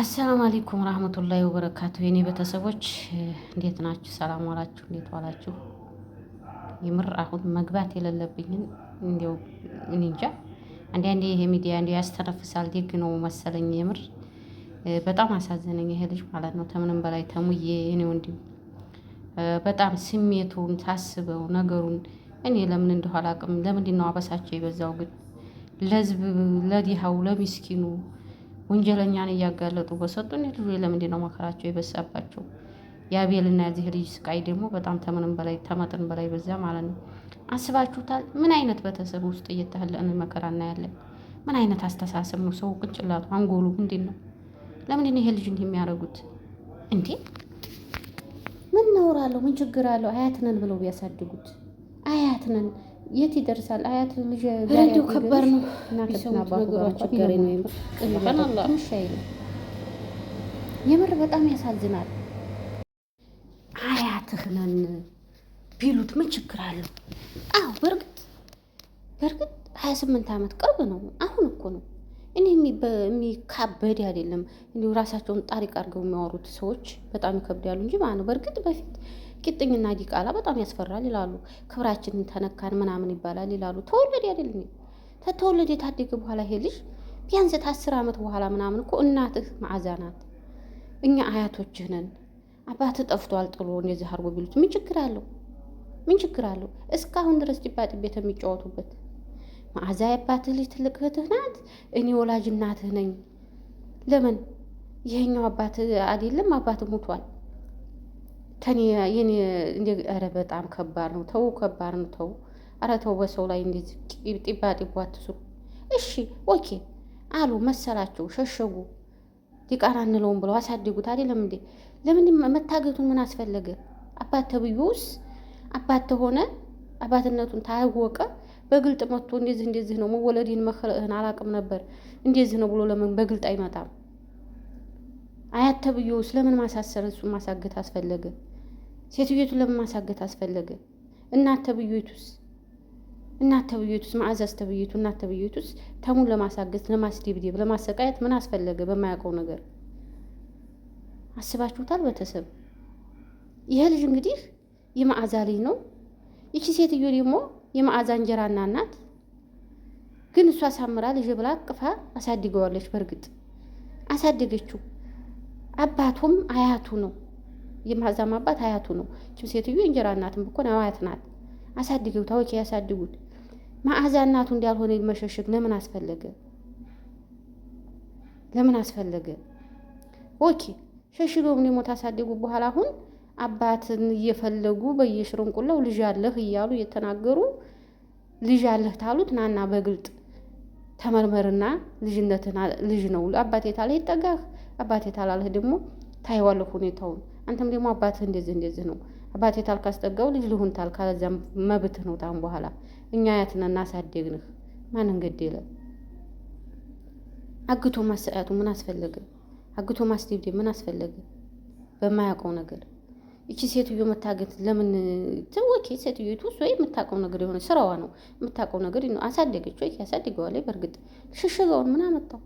አሰላሙ አሌይኩም ረህመቱላሂ ወበረካቱ የኔ ቤተሰቦች እንዴት ናችሁ? ሰላም ዋላችሁ? እንዴት ዋላችሁ? የምር አሁን መግባት የሌለብኝን እንዲያው እኔ እንጃ አንዳንዴ ይሄ ሚዲያ እንዲያው ያስተነፍሳል። ደግ ነው መሰለኝ። የምር በጣም አሳዘነኝ ይሄ ልጅ ማለት ነው። ከምንም በላይ ተሙዬ እኔ ወንድም በጣም ስሜቱን ታስበው ነገሩን እኔ ለምን እንደኋላ አቅም ለምንድን ነው አበሳቸው የበዛው ግን ለህዝብ ለዲሃው ለሚስኪኑ ወንጀለኛን እያጋለጡ በሰጡን ልጅ ለምንድን ነው መከራቸው የበዛባቸው? የአቤልና የዚህ ልጅ ስቃይ ደግሞ በጣም ተምንም በላይ ተመጥን በላይ በዛ ማለት ነው። አስባችሁታል? ምን አይነት ቤተሰብ ውስጥ እየተህለን መከራ እናያለን? ምን አይነት አስተሳሰብ ነው? ሰው ቅንጭላቱ አንጎሉ ምንድን ነው? ለምንድን ይሄ ልጅ እንዲህ የሚያደርጉት እንዴ? ምን ነውር አለው? ምን ችግር አለው? አያትነን ብለው ቢያሳድጉት አያትነን የት ይደርሳል? አያት ልጅ ረዱ ከባድ ነው። የምር በጣም ያሳዝናል። አያትህ ነን ቢሉት ምን ችግር አለው? አዎ በእርግጥ በእርግጥ ሀያ ስምንት ዓመት ቅርብ ነው። አሁን እኮ ነው እኔ የሚካበድ አይደለም። እንዲሁ ራሳቸውን ጣሪቅ አድርገው የሚያወሩት ሰዎች በጣም ይከብዳሉ እንጂ ማለት ነው። በእርግጥ በፊት ቂጥኝና ዲቃላ በጣም ያስፈራል ይላሉ። ክብራችንን ተነካን ምናምን ይባላል ይላሉ። ተወለድ አይደለም ተተወለድ የታደገ በኋላ ይሄ ልጅ ቢያንስ አስር ዓመት በኋላ ምናምን እኮ እናትህ መዓዛ ናት። እኛ አያቶችህ ነን። አባትህ ጠፍቷል ጥሎ እንደዚህ አድርጎ ቢሉት ምን ችግር አለው? ምን ችግር አለው? እስካሁን ድረስ ጢባጢቤት የሚጫወቱበት መዓዛ የአባትህ ልጅ ትልቅ እህትህ ናት። እኔ ወላጅ እናትህ ነኝ። ለምን ይሄኛው አባት አይደለም? አባት ሙቷል። ከኔ ኧረ በጣም ከባድ ነው። ተው ከባድ ነው። ተው ኧረ ተው በሰው ላይ እንዴት ጢባ ጢቦ አትስሩ። እሺ ኦኬ አሉ መሰላቸው ሸሸጉ። ዲቃራ እንለውም ብለው አሳድጉት አይደለም እንዴ? ለምን መታገቱን ምን አስፈለገ? አባት ተብዩስ አባት ተሆነ አባትነቱን ታወቀ። በግልጥ መጥቶ እንደዚህ እንደዚህ ነው መወለድን መክረህን አላቅም ነበር እንደዚህ ነው ብሎ ለምን በግልጥ አይመጣም? አያት ተብዬውስ ለምን ማሳሰር እሱ ማሳገት አስፈለገ? ሴትዮቱ ለምን ማሳገት አስፈለገ? እናት ተብዬቱስ እናት ተብዬቱስ ማዕዛዝ ተብዬቱ እናት ተብዬቱስ ተሙን ለማሳገት ለማስደብደብ ለማሰቃየት ምን አስፈለገ? በማያውቀው ነገር አስባችሁታል? ቤተሰብ ይሄ ልጅ እንግዲህ የመዓዛ ልጅ ነው። ይቺ ሴትዮ ደግሞ የመዓዛ እንጀራና እናት ግን እሷ አሳምራ ልጅ ብላ አቅፋ አሳድገዋለች። በእርግጥ አሳደገችው። አባቱም አያቱ ነው። የማዛም አባት አያቱ ነው። ችም ሴትዮ እንጀራ እናትም ብኮን አያት ናት። አሳድጊው ታወቂ ያሳድጉት። መዓዛ እናቱ እንዳልሆነ መሸሸግ ለምን አስፈለገ? ለምን አስፈለገ? ኦኬ ሸሽገው ደግሞ ታሳደጉ በኋላ አሁን አባትን እየፈለጉ በየሽርንቁላው ልጅ አለህ እያሉ እየተናገሩ ልጅ አለህ ታሉት ናና በግልጥ ተመርመርና ልጅነትን ልጅ ነው አባት የታለ ይጠጋህ አባቴ ታላልህ ደግሞ ታይዋለሁ ሁኔታውን። አንተም ደግሞ አባትህ እንደዚህ እንደዚህ ነው አባቴ ታል ካስጠጋው ልጅ ልሁን ታልካ ካለዚያም መብትህ ነው። ታም በኋላ እኛ አያትነን እናሳደግንህ ማን እንገደለ አግቶ ማሰቃየቱ ምን አስፈለገ? አግቶ ማስደብደብ ምን አስፈለገ? በማያውቀው ነገር እቺ ሴትዮ መታገት ለምን ትወኪ? ሴትዮ ትውስ ወይ የምታውቀው ነገር የሆነ ስራዋ ነው የምታውቀው ነገር አሳደገች ወይ ያሳድገዋል። በእርግጥ ሽሽገውን ምን አመጣው?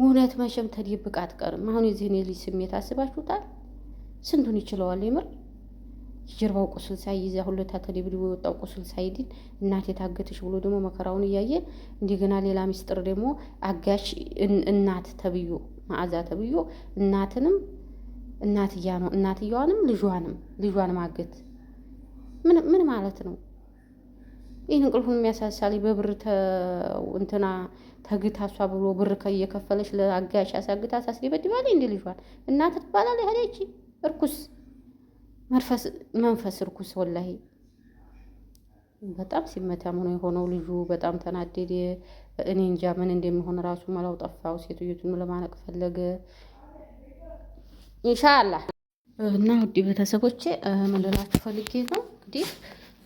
እውነት መቼም ተደብቃ አትቀርም። አሁን የዚህን የልጅ ስሜት አስባችሁታል? ስንቱን ይችለዋል? ይምር የጀርባው ቁስል ሳይይዝ ሁለታ ተደብድቦ የወጣው ቁስል ሳይድን እናት ታገተች ብሎ ደግሞ መከራውን እያየ እንደገና ሌላ ሚስጥር ደግሞ አጋሽ እናት ተብዮ መዓዛ ተብዮ እናትንም እናትያ ነው እናትየዋንም ልጇንም ልጇን ማገት ምን ማለት ነው? ይህን እንቅልፉን የሚያሳሳል በብር እንትና ተግታ እሷ ብሎ ብር እየከፈለች ለአጋሽ አሳግታ አሳስሪ በድባል እንዲ ልጇል እናት ትባላል ሄደች እርኩስ መንፈስ እርኩስ ወላሂ በጣም ሲመታም ነው የሆነው። ልጁ በጣም ተናደደ። እኔ እንጃ ምን እንደሚሆን ራሱ መላው ጠፋው። ሴትዮቱን ለማነቅ ፈለገ። ኢንሻአላህ እና ውድ ቤተሰቦቼ ምን ፈልጌ ነው እንግዲህ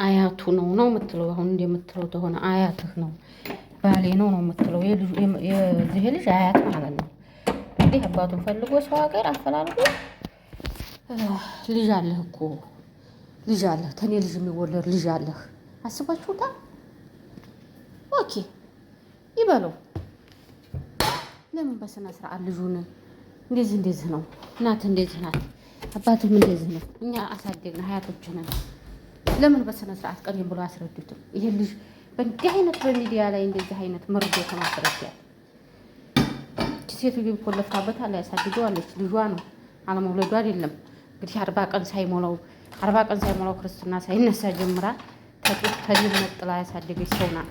አያቱ ነው ነው የምትለው አሁን እንደምትለው ተሆነ አያትህ ነው ባሌ ነው ነው የምትለው የዚህ ልጅ አያት ማለት ነው። እንግዲህ አባቱን ፈልጎ ሰው ሀገር አፈላልጎ ልጅ አለህ እኮ ልጅ አለህ ተኔ ልጅ የሚወለድ ልጅ አለህ አስባችሁታ። ኦኬ ይበለው። ለምን በስነ ስርዓት ልጁን እንደዚህ እንደዚህ ነው እናት እንደዚህ ናት አባትም እንደዚህ ነው እኛ አሳደግነ አያቶችንን ለምን በስነ ስርዓት ቀን ብሎ አስረዱትም? ይሄ ልጅ በእንዲህ አይነት በሚዲያ ላይ እንደዚህ አይነት መርዶ ከማስረጃ ሴቱ ልጅ እኮ ለፍታበታል፣ ያሳድገዋለች። ልጇ ነው አለመውለዱ አይደለም። እንግዲህ አርባ ቀን ሳይሞላው አርባ ቀን ሳይሞላው ክርስትና ሳይነሳ ጀምራ ተጡት ተዲም ነጥላ ያሳደገች ሰው ናት።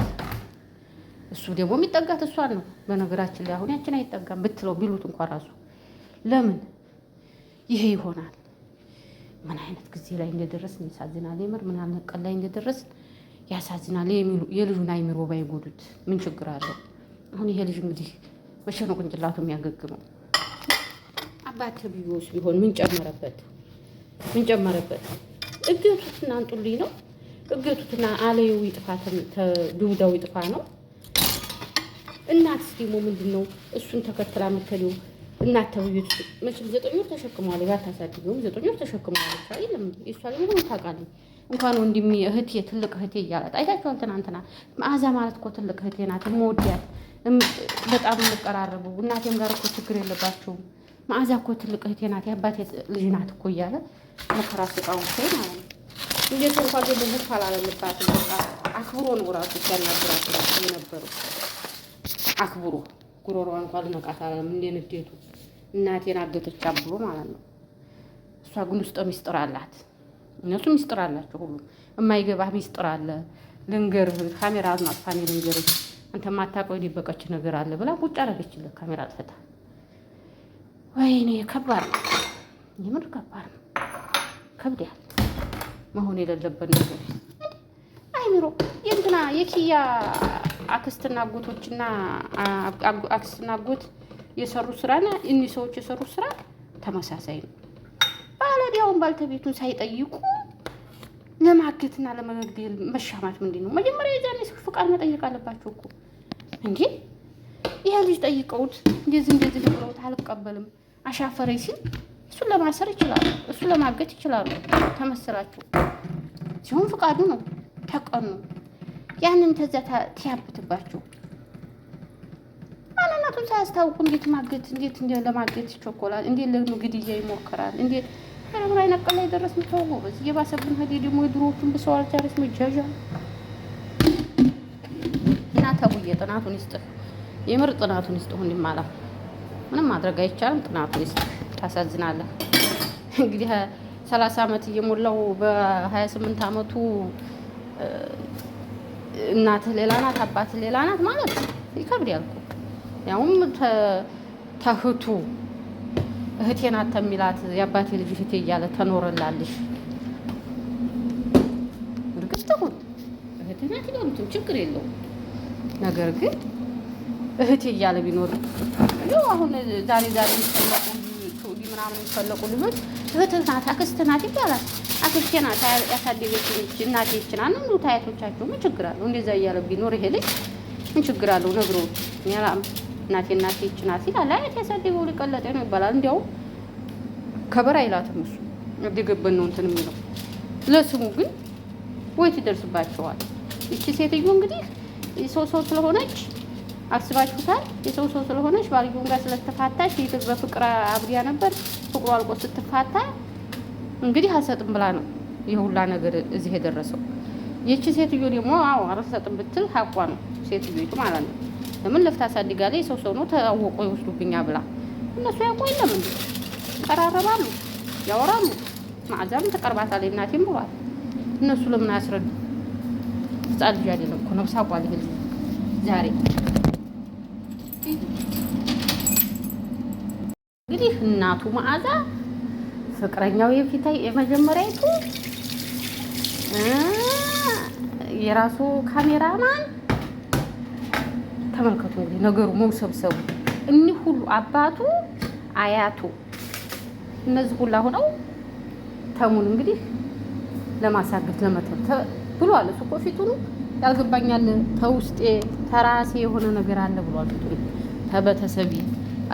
እሱ ደግሞ የሚጠጋት እሷን ነው። በነገራችን ላይ አሁን ያችን አይጠጋም ብትለው ቢሉት እንኳ ራሱ ለምን ይሄ ይሆናል? ምን አይነት ጊዜ ላይ እንደደረስን ያሳዝናል። የምር ምን አይነት ቀን ላይ እንደደረስን ያሳዝናል። የልጁን አይምሮ ባይጎዱት ምን ችግር አለው? አሁን ይሄ ልጅ እንግዲህ መቼ ነው ቅንጭላቱ የሚያገግመው? አባት ቢወስ ቢሆን ምን ጨመረበት? ምን ጨመረበት? እገቱትና አንጡልኝ ነው እገቱትና አለዩ ይጥፋ ዱብዳው ይጥፋ ነው። እናትስ ደግሞ ምንድን ነው እሱን ተከትላ የምትሄደው? እናተውዩት መቼም ዘጠኝ ወር ተሸክመዋል። ባታሳድገውም ዘጠኝ ወር ተሸክመዋል። አይደለም እሷ ላይ ምንም ታውቃለች። እንኳን ወንድሜ እህቴ ትልቅ እህቴ እያላት አይታቸውን ትናንትና። መዓዛ ማለት እኮ ትልቅ እህቴ ናት፣ የምወዳት በጣም የምቀራረቡ እናቴም ጋር እኮ ችግር የለባቸውም። መዓዛ እኮ ትልቅ እህቴ ናት፣ የአባቴ ልጅ ናት እኮ እያለ መከራ ስቃው ሳይ ማለት ነው። እንዴት እንኳ ብዙ አላለባት። አክብሮ ነው ራሱ ሲያናግራት ነበሩ አክብሮ ጉሮሯ እንኳን ልነቃት አላለም እንዴ ንዴቱ እናቴን አገቶች አብሎ ማለት ነው። እሷ ግን ውስጥ ሚስጥር አላት። እነሱ ሚስጥር አላቸው። ሁሉም የማይገባ ሚስጥር አለ። ልንገርህ፣ ካሜራ አጥፋኔ ልንገርህ፣ አንተ ማታውቀው የደበቀች ነገር አለ ብላ ቁጭ አደረገችልህ። ካሜራ አጥፍታ። ወይኔ ከባድ ነው፣ የምር ከባድ ነው። ከብድ ያል መሆን የሌለበት ነገር አይምሮ የእንትና የኪያ አክስትና አጎቶችና አክስትና አጎት የሰሩ ስራና እኒህ ሰዎች የሰሩ ስራ ተመሳሳይ ነው። ባለዲያውን ባልተቤቱን ሳይጠይቁ ለማገትና ለመግደል መሻማት ምንድን ነው? መጀመሪያ የዛኔ ፍቃድ መጠየቅ አለባቸው እኮ እንዴ። ይሄ ልጅ ጠይቀውት እንደዚህ እንደዚህ ብለውት አልቀበልም አሻፈረኝ ሲል እሱን ለማሰር ይችላሉ፣ እሱን ለማገት ይችላሉ። ተመስላችሁ ሲሆን ፍቃዱ ነው ተቀኑ ያንን ተዛ ትያብትባቸው ምክንያቱም ሳያስታውቁ እንዴት ማገት እንዴት እንደ ለማገት ይቸኮላል? እንዴት ለኑ ግድያ ይሞክራል? እንዴት ምንም ላይ ነቀል ላይ ደረስ ምታውቁ በዚህ እየባሰብን ሄደ። ደግሞ የድሮዎቹን ብሰዋል ጃሪስ መጃዣ እና ተጉዬ ጥናቱን ይስጥ፣ የምር ጥናቱን ይስጥ። ሁን ይማላ ምንም ማድረግ አይቻልም። ጥናቱን ይስጥ። ታሳዝናለህ እንግዲህ ሰላሳ ዓመት እየሞላው በሀያ ስምንት ዓመቱ እናት ሌላ ናት አባት ሌላ ናት ማለት ይከብድ ያልኩ ያውም ተህቱ እህቴ ናት ተሚላት የአባቴ ልጅ እህቴ እያለ ተኖረላልሽ። እርግጥ ተሁን እህቴ ናት ይላሉትም ችግር የለው። ነገር ግን እህቴ እያለ ቢኖር ያው አሁን ዛሬ ዛሬ የሚፈለቁ ዲ ምናምን የሚፈለቁ ልጆች እህትህ ናት፣ አክስት ናት ይባላል። አክስቴ ናት ያሳደገች እናቴ ይችላል ነው ታያቶቻቸው። ምን ችግር አለው? እንደዛ እያለ ቢኖር ይሄ ልጅ ምን ችግር አለው? ነግሮ እናቴ እናቴ ይህች ናት ይላል። አይ ተሰደበው ሊቀለጠ ነው ይባላል። እንዲያውም ከበር አይላትም እሱ እድግብን ነው እንትን የሚለው ለስሙ ግን ወይ ትደርስባቸዋል። ይቺ ሴትዮ እንግዲህ የሰው ሰው ስለሆነች አስባችሁታል። የሰው ሰው ስለሆነች ባልየውን ጋር ስለተፋታች ይህ በፍቅር አብሪያ ነበር። ፍቅሩ አልቆ ስትፋታ እንግዲህ አልሰጥም ብላ ነው የሁላ ነገር እዚህ የደረሰው። ይቺ ሴትዮ ደግሞ አዎ አልሰጥም ብትል ሀቋ ነው ሴትዮቱ ማለት ነው። ለምን ለፍታ አሳድጋለ የሰው ሰው ነው ተዋወቁ ይወስዱብኛል ብላ እነሱ ያውቁ የለም እንዴ ይቀራረባሉ፣ ያወራሉ። ማዕዛም ተቀርባታለች እናቴም ብሏል። እነሱ ለምን አያስረዱ? ህፃን ልጅ አይደለም እኮ ነብስ አቋል ይሄ ዛሬ እንግዲህ እናቱ ማዕዛ ፍቅረኛው የፊታ የመጀመሪያይቱ የራሱ ካሜራማን ተመልከቱ እንግዲህ ነገሩ መውሰብሰቡ እኒህ ሁሉ አባቱ አያቱ እነዚህ ሁላ ሆነው ተሙን እንግዲህ ለማሳገፍ ለመተው ብሏል። እሱ እኮ ፊቱን ያልገባኛል ተውስጤ ተራሴ የሆነ ነገር አለ ብሏል። ፊቱ ተበተሰቢ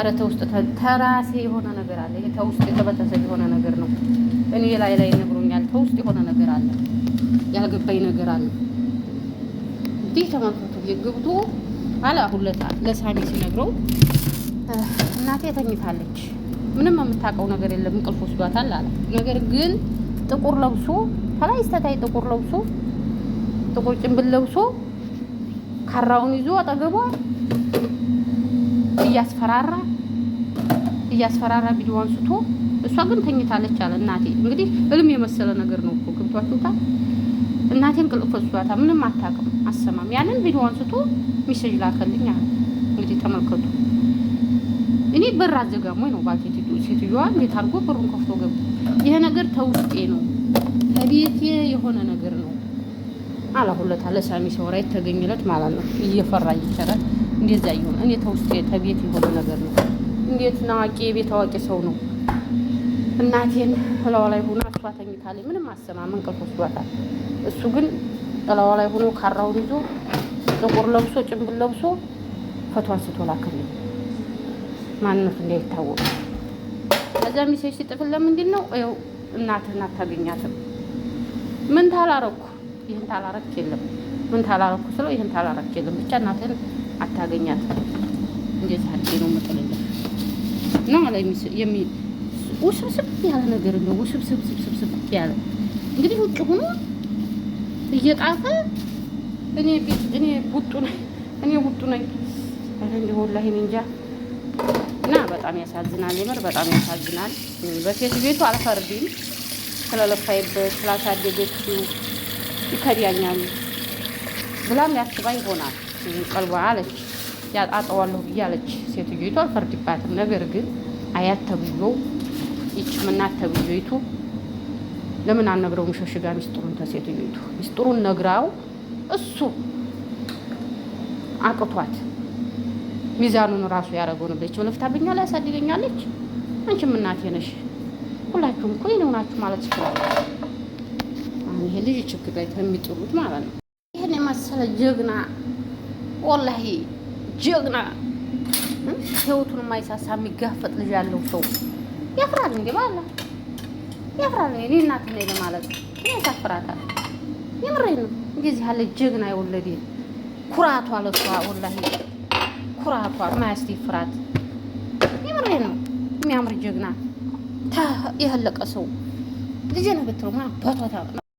አረ ተውስጥ ተራሴ የሆነ ነገር አለ። ይሄ ተውስጥ ተበተሰቢ የሆነ ነገር ነው። እኔ ላይ ላይ ነግሮኛል። ተውስጥ የሆነ ነገር አለ፣ ያልገባኝ ነገር አለ። እንዲህ ተመልከቱ ገብቶ አለ አሁን ለሳሚ ሲነግረው እናቴ ተኝታለች፣ ምንም የምታውቀው ነገር የለም እንቅልፍ ወስዷታል አለ። ነገር ግን ጥቁር ለብሶ ከላይ እስተታይ ጥቁር ለብሶ ጥቁር ጭንብል ለብሶ ካራውን ይዞ አጠገቧ እያስፈራራ እያስፈራራ ቪዲዮ አንስቶ እሷ ግን ተኝታለች አለ። እናቴ እንግዲህ እልም የመሰለ ነገር ነው እኮ ገብቷችሁታል። እናቴን ቅልቅል ሷታ ምንም አታውቅም አሰማም። ያንን ቪዲዮ አንስቶ ሚሴጅ ላከልኝ አለ። እንግዲህ ተመልከቱ። እኔ በር አዘጋሞኝ ነው ባል ሴትዮዋ እንዴት አድርጎ በሩን ከፍቶ ገቡ። ይሄ ነገር ተውስጤ ነው ከቤቴ የሆነ ነገር ነው አላሁለት አለ ሳሚ ሰውራ የተገኘለት ማለት ነው። እየፈራ እየቸረ እንደዛ ይሆን እኔ ተውስጤ ተቤት የሆነ ነገር ነው። እንዴት ናዋቂ የቤት አዋቂ ሰው ነው። እናቴን እላዋ ላይ ሆና እሷ ተኝታለች። ምንም አሰማም። እንቅልፍ ወስዷታል። እሱ ግን ጥላዋ ላይ ሆኖ ካራውን ይዞ ጥቁር ለብሶ ጭንብል ለብሶ ፈቶ አንስቶ ላከልኝ። ማንነቱ እንዳይታወቅ ከዛ ሚሴጅ ሲጥፍል ለምንድን ነው ው እናትህን አታገኛትም? ምን ታላረኩ ይህን ታላረክ የለም ምን ታላረኩ ስለው ይህን ታላረክ የለም ብቻ እናትህን አታገኛትም። እንደዚህ አድጌ ነው መጠለለ እና ውስብስብ ያለ ነገር እንደው ውስብስብስብስብስብ ያለ እንግዲህ ውጭ ሆኖ እየጣፈ እኔ እኔ ቡጡ ነኝ እኔ ቡጡ ነኝ። አረ እንደ ወላሂ እንጃ እና በጣም ያሳዝናል። የምር በጣም ያሳዝናል። በሴት ቤቱ አልፈርድም። ስለለፋይበት ስላሳደገችው ይከዳኛል ብላም ያስባ ይሆናል። ቀልቧ አለች ያጣጠዋለሁ ብዬ አለች ሴትዮይቱ አልፈርድባትም። ነገር ግን አያት ተብዬው ይችም እናት ለምን አልነግረውም? ሸሽጋ ሚስጥሩን ተሴትዮቱ ሚስጥሩን ነግራው እሱ አቅቷት ሚዛኑን ራሱ ያደረገው ነበረች። ለፍታብኛል፣ ያሳድገኛለች። አንቺም እናቴ ነሽ። ሁላችሁም እኮ የእኔ ሆናችሁ ማለት ይችላል። አሁን ይሄ ልጅ ችግር ላይ ከሚጥሉት ማለት ነው። ይህን የመሰለ ጀግና ወላሂ ጀግና ህይወቱን የማይሳሳ የሚጋፈጥ ልጅ ያለው ሰው ያፍራል እንዴ ባላ ያፍራል። እኔ እናት ነኝ ለማለት ያሳፍራታል። የምሬን ነው። እንደዚህ ያለ ጀግና የወለዴ ኩራቷ ለሷ ወላሂ ኩራቷ ማያስቲ ፍራት የምሬን ነው። የሚያምር ጀግና የህለቀ ሰው ልጄ ነው ብትለው ማ አባቷ